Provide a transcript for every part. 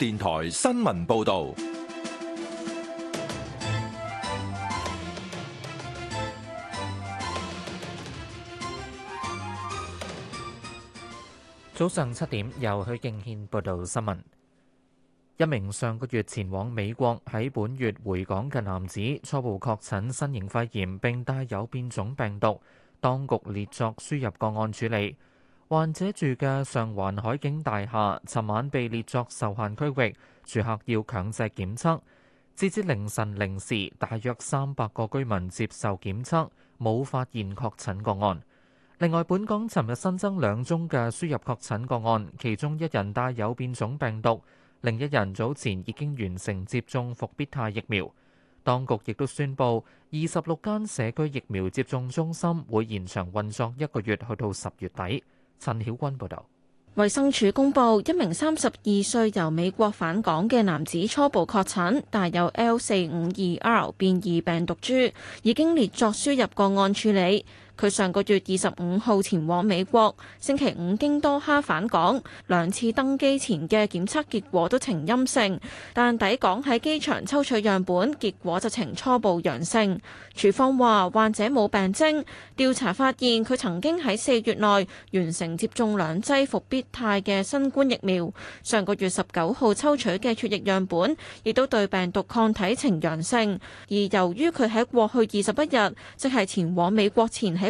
電台新聞報道：早上七點，由許敬軒報道新聞。一名上個月前往美國喺本月回港嘅男子，初步確診新型肺炎，並帶有變種病毒，當局列作輸入個案處理。患者住嘅上環海景大廈，尋晚被列作受限區域，住客要強制檢測。截至，至凌晨零時，大約三百個居民接受檢測，冇發現確診個案。另外，本港尋日新增兩宗嘅輸入確診個案，其中一人帶有變種病毒，另一人早前已經完成接種復必泰疫苗。當局亦都宣布，二十六間社區疫苗接種中心會延長運作一個月，去到十月底。陳曉君報道，衛生署公布一名三十二歲由美國返港嘅男子初步確診，帶有 L 四五二 R 變異病毒株，已經列作輸入個案處理。佢上個月二十五號前往美國，星期五經多哈返港，兩次登機前嘅檢測結果都呈陰性，但抵港喺機場抽取樣本，結果就呈初步陽性。處方話患者冇病徵，調查發現佢曾經喺四月內完成接種兩劑復必泰嘅新冠疫苗，上個月十九號抽取嘅血液樣本亦都對病毒抗體呈陽性，而由於佢喺過去二十一日，即係前往美國前喺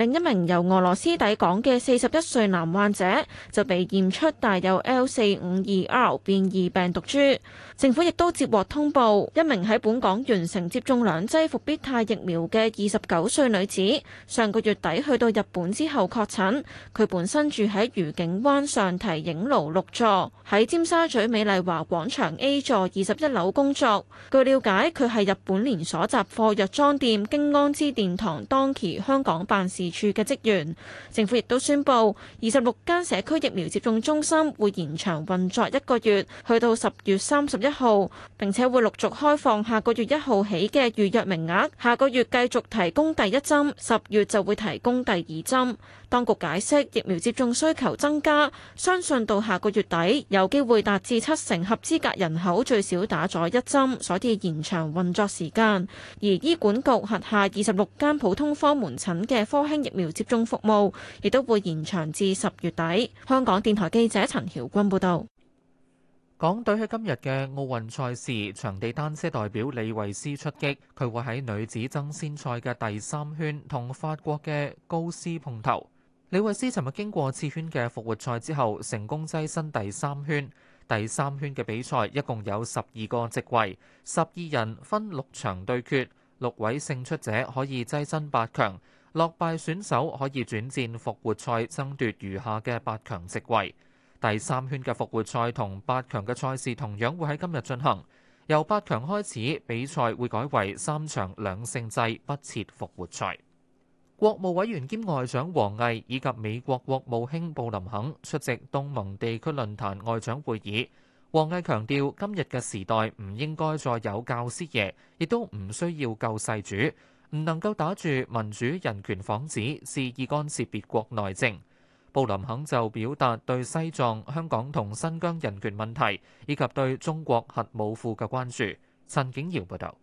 另一名由俄羅斯抵港嘅四十一歲男患者就被驗出帶有 L 四五二 R 變異病毒株。政府亦都接獲通報，一名喺本港完成接種兩劑復必泰疫苗嘅二十九歲女子，上個月底去到日本之後確診。佢本身住喺愉景灣上堤影廬六座，喺尖沙咀美麗華廣場 A 座二十一樓工作。據了解，佢係日本連鎖雜貨藥妝店京安之殿堂當期香港辦事事處嘅職員，政府亦都宣布，二十六間社區疫苗接種中心會延長運作一個月，去到十月三十一號，並且會陸續開放下個月一號起嘅預約名額。下個月繼續提供第一針，十月就會提供第二針。當局解釋，疫苗接種需求增加，相信到下個月底有機會達至七成合資格人口最少打咗一針，所以延長運作時間。而醫管局轄下二十六間普通科門診嘅科。輕疫苗接種服務亦都會延長至十月底。香港電台記者陳曉君報道，港隊喺今日嘅奧運賽事場地單車代表李維斯出擊，佢會喺女子爭先賽嘅第三圈同法國嘅高斯碰頭。李維斯尋日經過次圈嘅復活賽之後，成功躋身第三圈。第三圈嘅比賽一共有十二個席位，十二人分六場對決，六位勝出者可以躋身八強。落敗選手可以轉戰復活賽，爭奪餘下嘅八強席位。第三圈嘅復活賽同八強嘅賽事同樣會喺今日進行。由八強開始，比賽會改為三場兩勝制，不設復活賽。國務委員兼外長王毅以及美國國務卿布林肯出席東盟地區論壇外長會議。王毅強調，今日嘅時代唔應該再有教師爺，亦都唔需要救世主。唔能夠打住民主人權幌子，肆意干涉別國內政。布林肯就表達對西藏、香港同新疆人權問題，以及對中國核武庫嘅關注。陳景耀報道。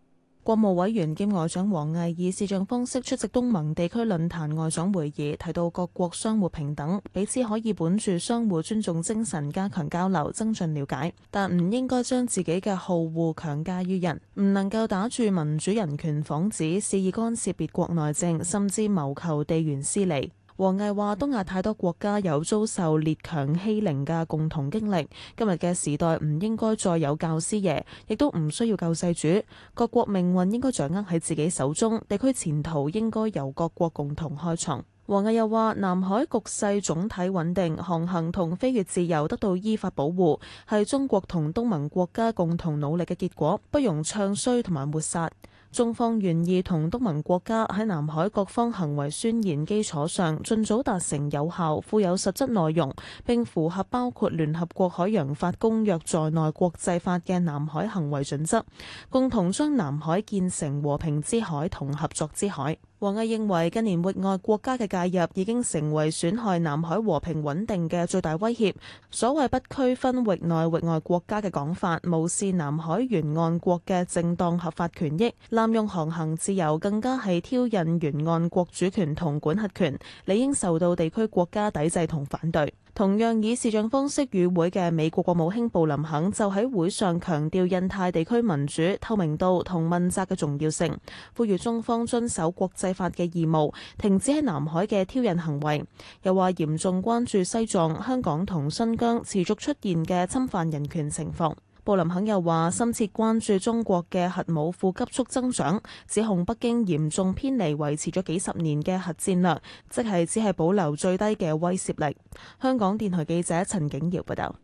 國務委員兼外長王毅以視像方式出席東盟地區論壇外長會議，提到各國相互平等，彼此可以本住相互尊重精神加強交流、增進了解，但唔應該將自己嘅好惡強加於人，唔能夠打住民主人權幌子，肆意干涉別國內政，甚至謀求地緣私利。王毅話：東亞太多國家有遭受列強欺凌嘅共同經歷，今日嘅時代唔應該再有教師爺，亦都唔需要救世主。各國命運應該掌握喺自己手中，地區前途應該由各國共同開創。王毅又話：南海局勢總體穩定，航行同飛越自由得到依法保護，係中國同東盟國家共同努力嘅結果，不容唱衰同埋抹殺。中方願意同東盟國家喺南海各方行為宣言基礎上，盡早達成有效、富有實質內容並符合包括聯合國海洋法公約在內國際法嘅南海行為準則，共同將南海建成和平之海同合作之海。王毅認為近年域外國家嘅介入已經成為損害南海和平穩定嘅最大威脅。所謂不區分域內域外國家嘅講法，無視南海沿岸國嘅正當合法權益，濫用航行自由，更加係挑釁沿岸國主權同管轄權，理應受到地區國家抵制同反對。同樣以視像方式與會嘅美國國務卿布林肯就喺會上強調印太地區民主、透明度同問責嘅重要性，呼籲中方遵守國際法嘅義務，停止喺南海嘅挑釁行為，又話嚴重關注西藏、香港同新疆持續出現嘅侵犯人權情況。布林肯又話深切關注中國嘅核武庫急速增長，指控北京嚴重偏離維持咗幾十年嘅核戰略，即係只係保留最低嘅威懾力。香港電台記者陳景堯報道。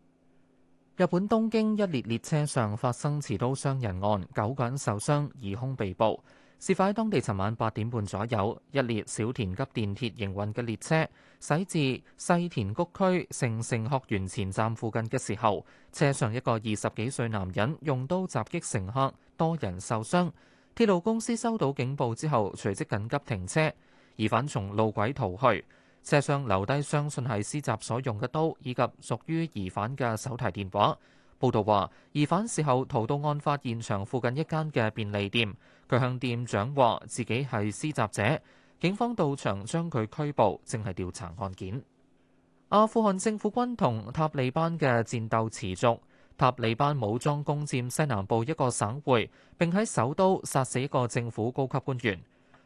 日本東京一列列車上發生持刀傷人案，九個人受傷，疑兇被捕。事發喺當地尋晚八點半左右，一列小田急電鐵營運嘅列車駛至世田谷區成城學園前站附近嘅時候，車上一個二十幾歲男人用刀襲擊乘客，多人受傷。鐵路公司收到警報之後，隨即緊急停車，疑犯從路軌逃去，車上留低相信係施襲所用嘅刀以及屬於疑犯嘅手提電話。報道話，疑犯事後逃到案發現場附近一間嘅便利店，佢向店長話自己係施襲者。警方到場將佢拘捕，正係調查案件。阿富汗政府軍同塔利班嘅戰鬥持續，塔利班武裝攻佔西南部一個省會，並喺首都殺死一個政府高級官員。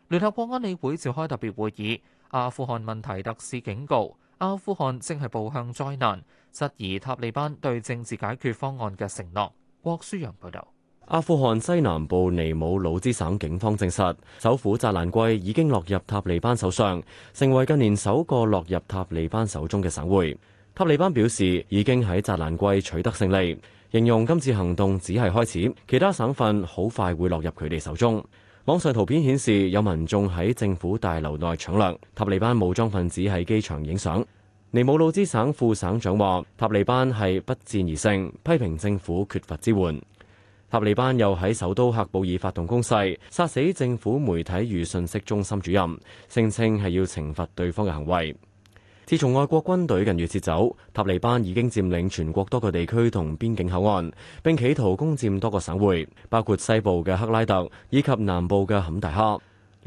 聯合國安理會召開特別會議，阿富汗問題特使警告，阿富汗正係步向災難。質疑塔利班對政治解決方案嘅承諾。郭舒揚報導。阿富汗西南部尼姆魯茲省警方證實，首府扎蘭季已經落入塔利班手上，成為近年首個落入塔利班手中嘅省會。塔利班表示已經喺扎蘭季取得勝利，形容今次行動只係開始，其他省份好快會落入佢哋手中。網上圖片顯示有民眾喺政府大樓內搶掠，塔利班武裝分子喺機場影相。尼姆魯茲省副省長話：塔利班係不戰而勝，批評政府缺乏支援。塔利班又喺首都喀布爾發動攻勢，殺死政府媒體與信息中心主任，聲稱係要懲罰對方嘅行為。自從外國軍隊近日撤走，塔利班已經佔領全國多個地區同邊境口岸，並企圖攻佔多個省會，包括西部嘅克拉特以及南部嘅坎大哈。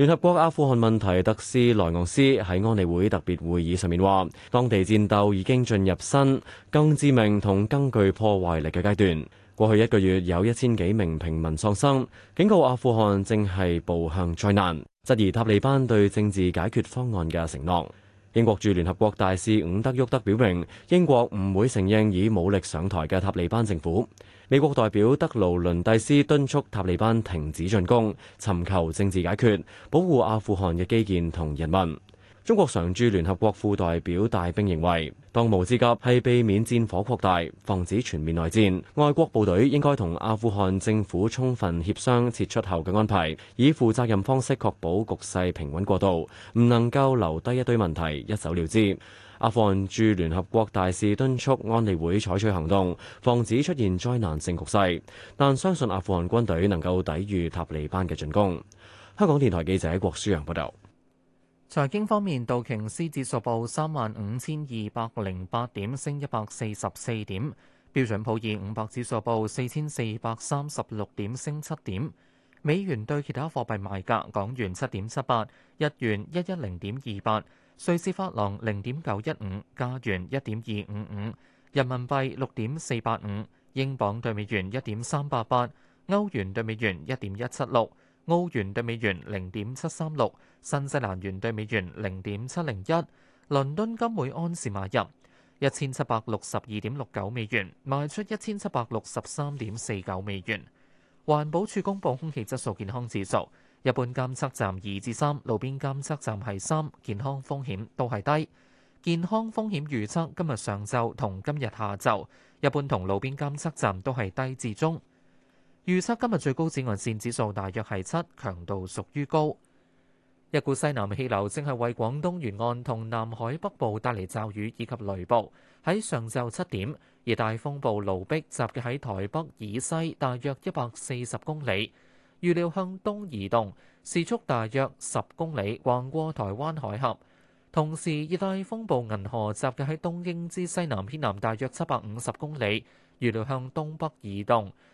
聯合國阿富汗問題特使萊昂斯喺安理會特別會議上面話，當地戰鬥已經進入新更致命同更具破壞力嘅階段。過去一個月有一千幾名平民喪生，警告阿富汗正係步向災難，質疑塔利班對政治解決方案嘅承諾。英國駐聯合國大使伍德沃德表明，英國唔會承認以武力上台嘅塔利班政府。美國代表德勞倫蒂斯敦促塔利班停止進攻，尋求政治解決，保護阿富汗嘅基建同人民。中國常駐聯合國副代表戴兵認為，當務之急係避免戰火擴大，防止全面內戰。外國部隊應該同阿富汗政府充分協商撤出後嘅安排，以負責任方式確保局勢平穩過渡，唔能夠留低一堆問題，一走了之。阿富汗駐聯合國大使敦促安理會採取行動，防止出現災難性局勢，但相信阿富汗軍隊能夠抵禦塔利班嘅進攻。香港電台記者郭舒陽報道。財經方面，道瓊斯指數報三萬五千二百零八點，升一百四十四點；標準普爾五百指數報四千四百三十六點，升七點。美元對其他貨幣賣價：港元七點七八，日元一一零點二八，瑞士法郎零點九一五，加元一點二五五，人民幣六點四八五，英鎊對美元一點三八八，歐元對美元一點一七六。澳元對美元零點七三六，新西蘭元對美元零點七零一，倫敦金每安士買入一千七百六十二點六九美元，賣出一千七百六十三點四九美元。環保署公布空氣質素健康指數，一般監測站二至三，3，路邊監測站係三，健康風險都係低。健康風險預測今，上今日上晝同今日下晝，一般同路邊監測站都係低至中。預測今日最高紫外線指數大約係七，強度屬於高。一股西南氣流正係為廣東沿岸同南海北部帶嚟驟雨以及雷暴。喺上晝七點，熱帶風暴盧碧集結喺台北以西大約一百四十公里，預料向東移動，時速大約十公里，橫過台灣海峽。同時，熱帶風暴銀河集結喺東京之西南偏南大約七百五十公里，預料向東北移動。